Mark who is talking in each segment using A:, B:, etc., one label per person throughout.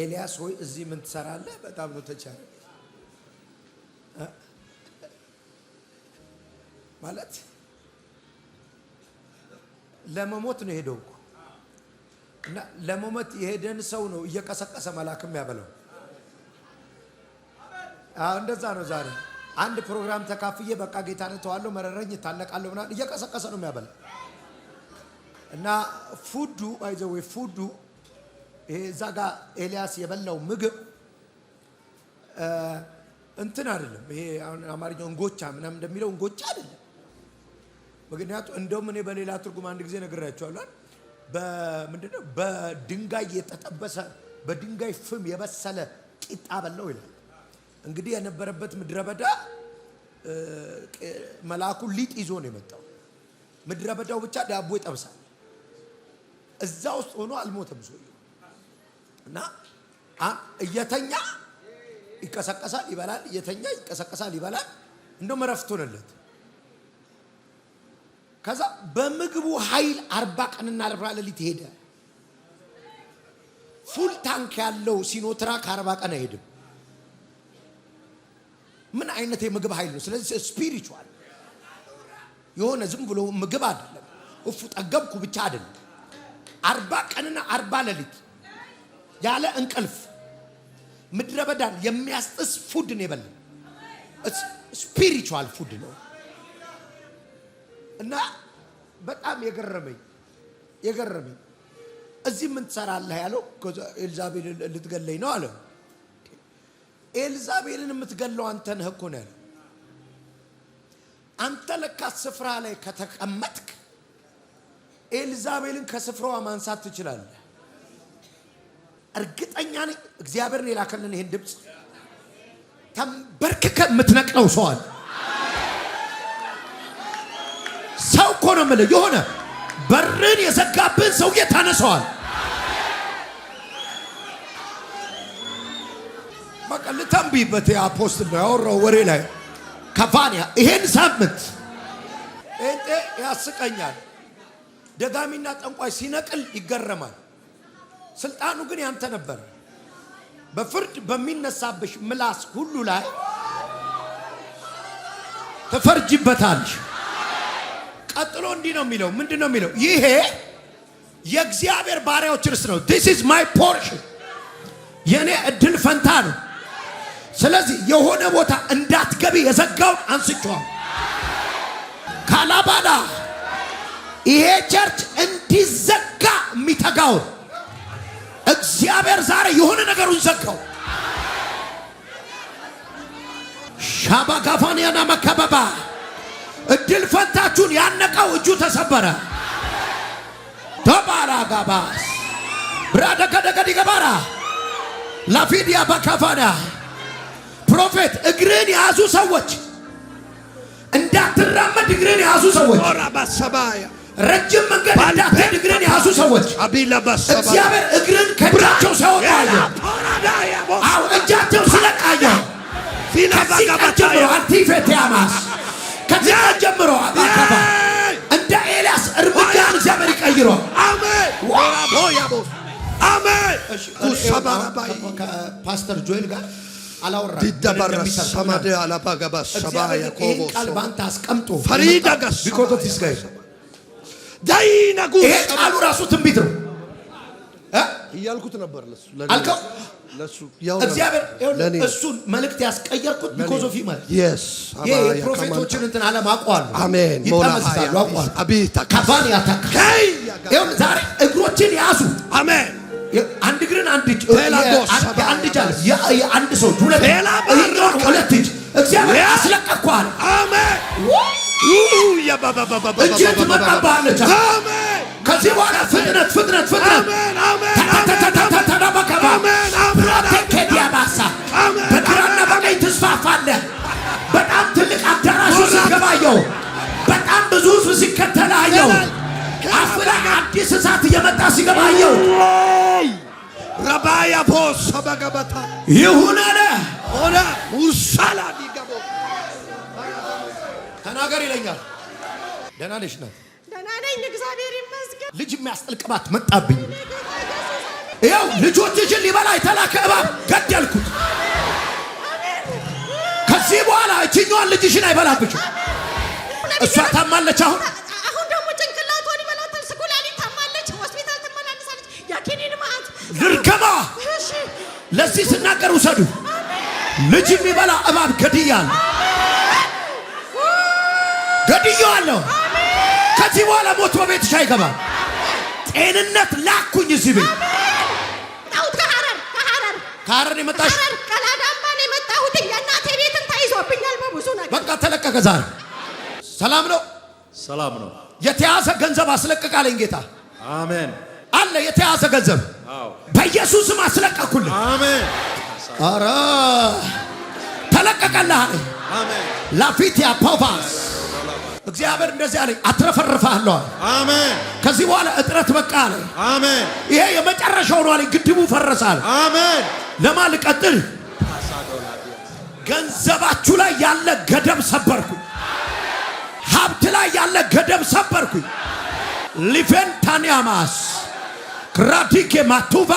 A: ኤልያስ ሆይ እዚህ ምን ትሰራለህ? በጣም ነው ተቻለ ማለት ለመሞት ነው የሄደው እኮ እና ለመሞት የሄደን ሰው ነው እየቀሰቀሰ መልአክም ያበለው። እንደዛ ነው። ዛሬ አንድ ፕሮግራም ተካፍዬ በቃ ጌታ ነተዋለሁ መረረኝ እታነቃለሁ ምናምን እየቀሰቀሰ ነው የሚያበላ እና ፉዱ አይዘዌ ፉዱ ይሄ እዛ ጋ ኤልያስ የበላው ምግብ እንትን አይደለም። ይሄ አማርኛው እንጎቻ ምናምን እንደሚለው እንጎቻ አይደለም። ምክንያቱም እንደውም እኔ በሌላ ትርጉም አንድ ጊዜ ነግራቸዋለሁ። ምንድነው በድንጋይ የተጠበሰ በድንጋይ ፍም የበሰለ ቂጣ በላው ይላል። እንግዲህ የነበረበት ምድረ በዳ መልአኩ ሊጥ ይዞ ነው የመጣው። ምድረ በዳው ብቻ ዳቦ ይጠብሳል። እዛ ውስጥ ሆኖ አልሞተም ሰውዬው። እና እየተኛ ይቀሰቀሳል፣ ይበላል፣ እየተኛ ይቀሰቀሳል፣ ይበላል። እንደውም እረፍት ሆነለት። ከዛ በምግቡ ኃይል አርባ ቀንና አርባ ሌሊት ሄደ። ፉል ታንክ ያለው ሲኖትራክ አርባ ቀን አይሄድም። ምን አይነት የምግብ ኃይል ነው? ስለዚህ ስፒሪቹዋል የሆነ ዝም ብሎ ምግብ አይደለም። እፉ ጠገብኩ ብቻ አይደለም። አርባ ቀንና አርባ ሌሊት ያለ እንቅልፍ ምድረ በዳን የሚያስጥስ ፉድ ነው የበላ። ስፒሪቹዋል ፉድ ነው እና በጣም የገረመኝ የገረመኝ እዚህ ምን ትሰራለህ ያለው ኤልዛቤልን ልትገለኝ ነው አለ። ኤልዛቤልን የምትገለው አንተ ነህ እኮ ነው ያለው። አንተ ለካ ስፍራ ላይ ከተቀመጥክ ኤልዛቤልን ከስፍራዋ ማንሳት ትችላለህ። እርግጠኛ ነኝ እግዚአብሔርን የላከልን ይህን ድምፅ ተንበርክከ የምትነቅለው ሰዋል ሰው እኮ ነው የምልህ። የሆነ በርን የዘጋብህን ሰውዬ ታነሰዋል። በቃ ልተንብይበት አፖስትል ነው ያወራው ወሬ ላይ ከፋንያ ይሄን ሳምንት ጴንጤ ያስቀኛል። ደጋሚና ጠንቋይ ሲነቅል ይገረማል። ስልጣኑ ግን ያንተ ነበር። በፍርድ በሚነሳብሽ ምላስ ሁሉ ላይ ትፈርጅበታለሽ። ቀጥሎ እንዲህ ነው የሚለው። ምንድን ነው የሚለው? ይሄ የእግዚአብሔር ባሪያዎች ርስ ነው። ዲስ ኢዝ ማይ ፖርሽን፣ የእኔ እድል ፈንታ ነው። ስለዚህ የሆነ ቦታ እንዳትገቢ የዘጋውን አንስቼዋለሁ። ካላባዳ ይሄ ቸርች እንዲዘጋ የሚተጋውን እግዚአብሔር ዛሬ የሆነ ነገሩን ዘጋው። ሻባጋፋንያና መከበባ እድል ፈንታችሁን ያነቀው እጁ ተሰበረ። ተባራ ጋባስ ብራደከደከዲ ገባራ ላፊዲያ ባካፋና ፕሮፌት እግርን የያዙ ሰዎች እንዳትራመድ እግርን የያዙ ሰዎች ረጅም መንገድ እንዳትሄድ እግርን የያዙ ሰዎች እግዚአብሔር እግርን ከእጃቸው ሲያወጣ አየሁ። እጃቸው ሲለቅ አየሁ። ከዚህ ቀን ጀምሮ አንቲፌቴያማስ ከዚህ ጀምሮ አባካባ እንደ ኤልያስ እርምጃን እግዚአብሔር ይቀይረዋል። አሜን። ከፓስተር ጆኤል ጋር
B: አላወራም።
A: ዳይነጉ ይሄ ቃሉ ራሱ ትንቢት ነው
B: እያልኩት ነበር።
A: አልከው እግዚአብሔር እሱን መልእክት ያስቀየርኩት ቢኮዝ ኦፍ ማለት ይሄ የፕሮፌቶችን እንትን አለም አውቀዋለሁ። አሜን ይጠመስሳሉ አውቀዋለሁ። አቤት ካባን ያታካ ይሁን ዛሬ እግሮችን ያዙ። አሜን አንድ እግርን አንድ እጅ አንድ እጅ አንድ ሰው
B: ሁለት እጅህ
A: ትመጣብሃለች። ከዚህ በኋላ ፍጥነት ፍጥነት ፍጥነት በግራና በቀኝ ትስፋፋለህ። በጣም ትልቅ አዳራሽ ውስጥ በጣም ብዙ አፍላ አዲስ እሳት እየመጣ ሲገባ
B: ረባያ በገበታ ይሁን አለ ሆነ ውሳላ
A: ተናገር ይለኛል ደህና ነሽ? ናት ደህና ነኝ፣ እግዚአብሔር ይመስገን። ልጅ የሚያስጥል ቅባት መጣብኝ። ይኸው ልጆችሽን ሊበላ የተላከ እባብ ገደልኩት። ከዚህ በኋላ እችኛዋን ልጅሽን አይበላብሽም። እሷ ታማለች አሁን ልርከማ ለዚህ ስናገር ውሰዱ። ልጅ የሚበላ እባብ ገድያለሁ፣ ገድያለሁ። ከዚህ በኋላ ሞት በቤትሽ አይገባም። ጤንነት ላኩኝ እዚህ ቤት ከሀረር የመጣሽ
C: ቀላዳማ ነው የመጣሁት። የእናቴ ቤትን ተይዞብኛል በብዙ ነገር።
A: በቃ ተለቀቀ። ዛሬ ሰላም ነው፣ ሰላም ነው። የተያዘ ገንዘብ አስለቅቃለኝ ጌታ። አሜን አለ። የተያዘ ገንዘብ በኢየሱስም አስለቀኩልኝ። አሜን። ኧረ ተለቀቀልህ አለኝ ላፊቲያ ፖቫስ እግዚአብሔር እንደዚህ አለኝ፣ አትረፈርፋለሁ። አሜን። ከዚህ በኋላ እጥረት በቃ አለ። አሜን። ይሄ የመጨረሻው ነው አለኝ። ግድቡ ፈረሳል። አሜን። ለማን ልቀጥል? ገንዘባችሁ ላይ ያለ ገደብ ሰበርኩኝ። ሀብት ላይ ያለ ገደብ ሰበርኩኝ። ሊቬንታኒያማስ ግራዲጌ ማቱባ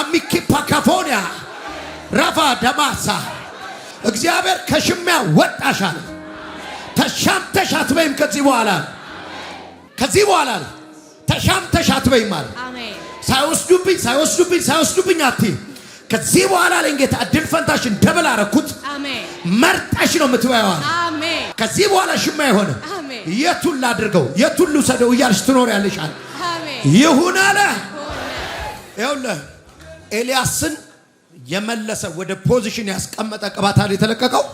A: አሚኪ ፓካፎኒያ ራፋ ደማሳ እግዚአብሔር ከሽሚያ ወጣሻል። ተሻምተሽ አትበይም። ከዚህ በኋላ ከዚህ በኋላ ተሻምተሽ አትበይም ማለት ሳይወስዱብኝ ሳይወስዱብኝ ሳይወስዱብኝ አትይ። ከዚህ በኋላ ለኝ ጌታ እድል ፈንታሽን ደብል አረኩት። መርጠሽ ነው የምትበይው። ከዚህ በኋላ ሽማ የሆነ የቱን ላድርገው የቱን ልውሰደው እያልሽ ያለሽ አለ ይሁን አለ። ይኸውልህ ኤልያስን የመለሰ ወደ ፖዚሽን ያስቀመጠ ቅባት የተለቀቀው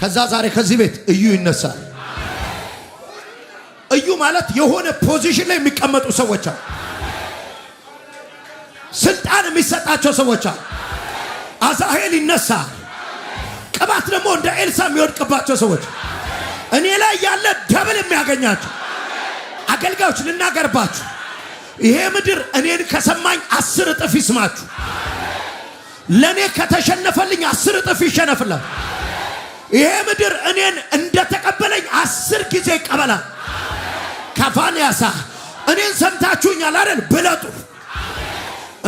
A: ከዛ ዛሬ ከዚህ ቤት እዩ ይነሳል። እዩ ማለት የሆነ ፖዚሽን ላይ የሚቀመጡ ሰዎች አሉ። ስልጣን የሚሰጣቸው ሰዎች አሉ። አዛሄል ይነሳል። ቅባት ደግሞ እንደ ኤልሳ የሚወድቅባቸው ሰዎች እኔ ላይ ያለ ደብል የሚያገኛቸው አገልጋዮች ልናገርባችሁ፣ ይሄ ምድር እኔን ከሰማኝ አስር እጥፍ ይስማችሁ። ለእኔ ከተሸነፈልኝ አስር እጥፍ ይሸነፍላል። ይሄ ምድር እኔን እንደተቀበለኝ አስር ጊዜ ይቀበላል። ከፋን ያሳ እኔን ሰምታችሁኛል አይደል? ብለጡ።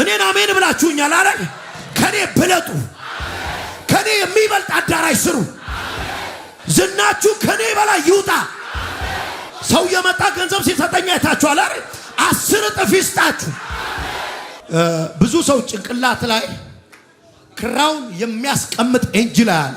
A: እኔን አሜን ብላችሁኛል አይደል? ከኔ ብለጡ። ከኔ የሚበልጥ አዳራሽ ስሩ። ዝናችሁ ከኔ በላይ ይውጣ። ሰው የመጣ ገንዘብ ሲሰጠኝ አይታችኋል አይደል? አስር እጥፍ ይስጣችሁ። ብዙ ሰው ጭንቅላት ላይ ክራውን የሚያስቀምጥ ኤንጅል ያለ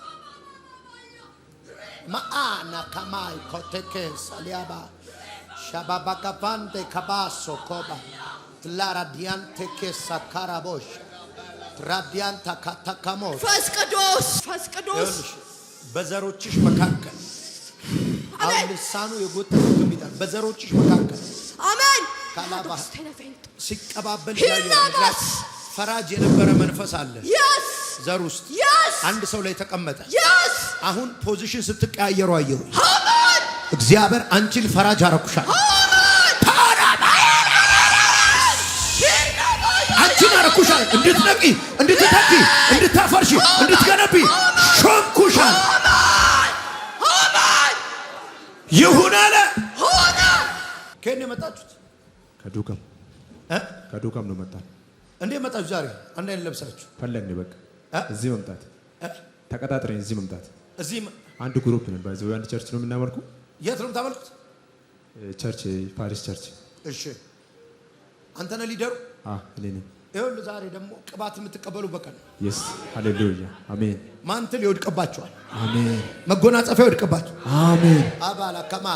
A: maana kamai kotekesa liaba shababakavande kabaso koba tlaradiante kesa karabosha ትራዲያንታ ካታካሞ
C: ፈስቅዶስ ፈስቅዶስ
A: በዘሮችሽ መካከል አሁን ልሳኑ የጎተቱት ይላል። በዘሮችሽ መካከል አሜን ካላባ ሲቀባበል
C: ያየው
A: ፈራጅ የነበረ መንፈስ አለ ዘር ውስጥ አንድ ሰው ላይ ተቀመጠ። አሁን ፖዚሽን ስትቀያየሩ አየሩ። እግዚአብሔር አንቺን ፈራጅ አረኩሻል። አንቺን አረኩሻል እንድትነቂ፣ እንድትተቂ፣ እንድታፈርሺ፣ እንድትገነቢ ሾምኩሻል። ይሁን አለ። ከየት የመጣችሁት?
B: ከዱከም ከዱከም ነው መጣ።
A: እንዴት መጣችሁ? ዛሬ አንድ አይነት ለብሳችሁ ፈለግን። በቃ እዚህ
B: መምጣት ተቀጣጥረኝ እዚህ መምጣት እዚህ አንድ ግሩፕ ነን። ባይዘ አንድ ቸርች ነው የምናመልኩ።
A: የት ነው የምታመልኩት?
B: ቸርች ፓሪስ ቸርች።
A: እሺ፣ አንተ ነህ ሊደሩ? እኔ ነኝ። ይኸውልህ ዛሬ ደግሞ ቅባት የምትቀበሉ በቀን ነው።
B: ሃሌሉያ አሜን።
A: ማንትል ይወድቅባቸዋል። አሜን። መጎናጸፊያ ይወድቅባቸው። አሜን። አባላ ከማ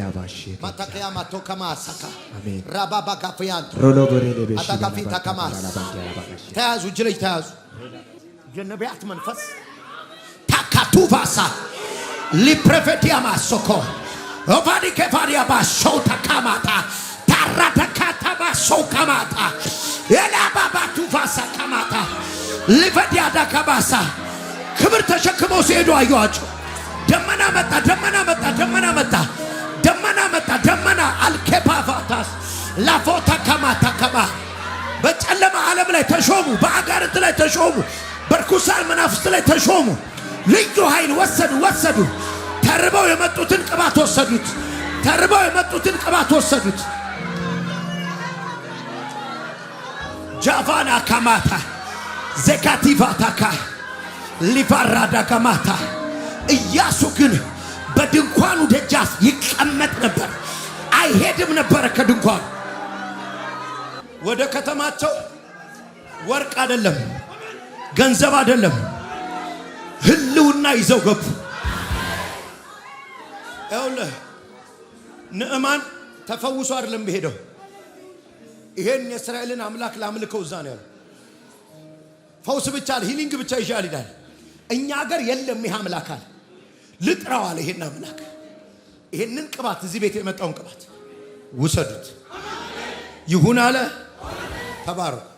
A: ላባሽ ማታከያ ማቶ ከማ ሳካ ራባባ ካፍያን አታካፊ ታከማ ተያዙ፣ እጅ ለእጅ ተያዙ። የነቢያት መንፈስ ቱቫሳ ሊፕረፌቲያ ማሶኮ ኦቫዲኬፋሪያ ባሶው ተካማታ ታራተካታ ባሶው ከማታ የላባባ ቱቫሳ ከማታ ሊፈዲያዳ ከባሳ ክብር ተሸክመው ሲሄዱ አየኋቸው። ደመና መጣ፣ ደመና መጣ፣ ደመና መጣ፣ ደመና መጣ፣ ደመና አልኬፓቫታስ ላፎታ ከማታ ከማ በጨለማ ዓለም ላይ ተሾሙ፣ በአጋርት ላይ ተሾሙ፣ በርኩሳን መናፍስት ላይ ተሾሙ። ልዩ ኃይል ወሰዱ ወሰዱ። ተርበው የመጡትን ቅባት ወሰዱት። ተርበው የመጡትን ቅባት ወሰዱት። ጃቫና ካማታ ዘካቲቫታካ ዳጋማታ እያሱ ግን በድንኳኑ ደጃፍ ይቀመጥ ነበር፣ አይሄድም ነበረ ከድንኳኑ ወደ ከተማቸው። ወርቅ አይደለም፣ ገንዘብ አይደለም ህልውና ይዘው ገቡ። ይኸውልህ ንዕማን ተፈውሶ አይደለም ሄደው ይሄን የእስራኤልን አምላክ ላምልከው እዛ ነው ያለው። ፈውስ ብቻ ሂሊንግ ብቻ ይሻል ይላል። እኛ ሀገር የለም ይህ አምላክ አለ። ልጥራዋል ይሄን አምላክ ይሄንን ቅባት እዚህ ቤት የመጣውን ቅባት ውሰዱት ይሁን አለ ተባረኩ።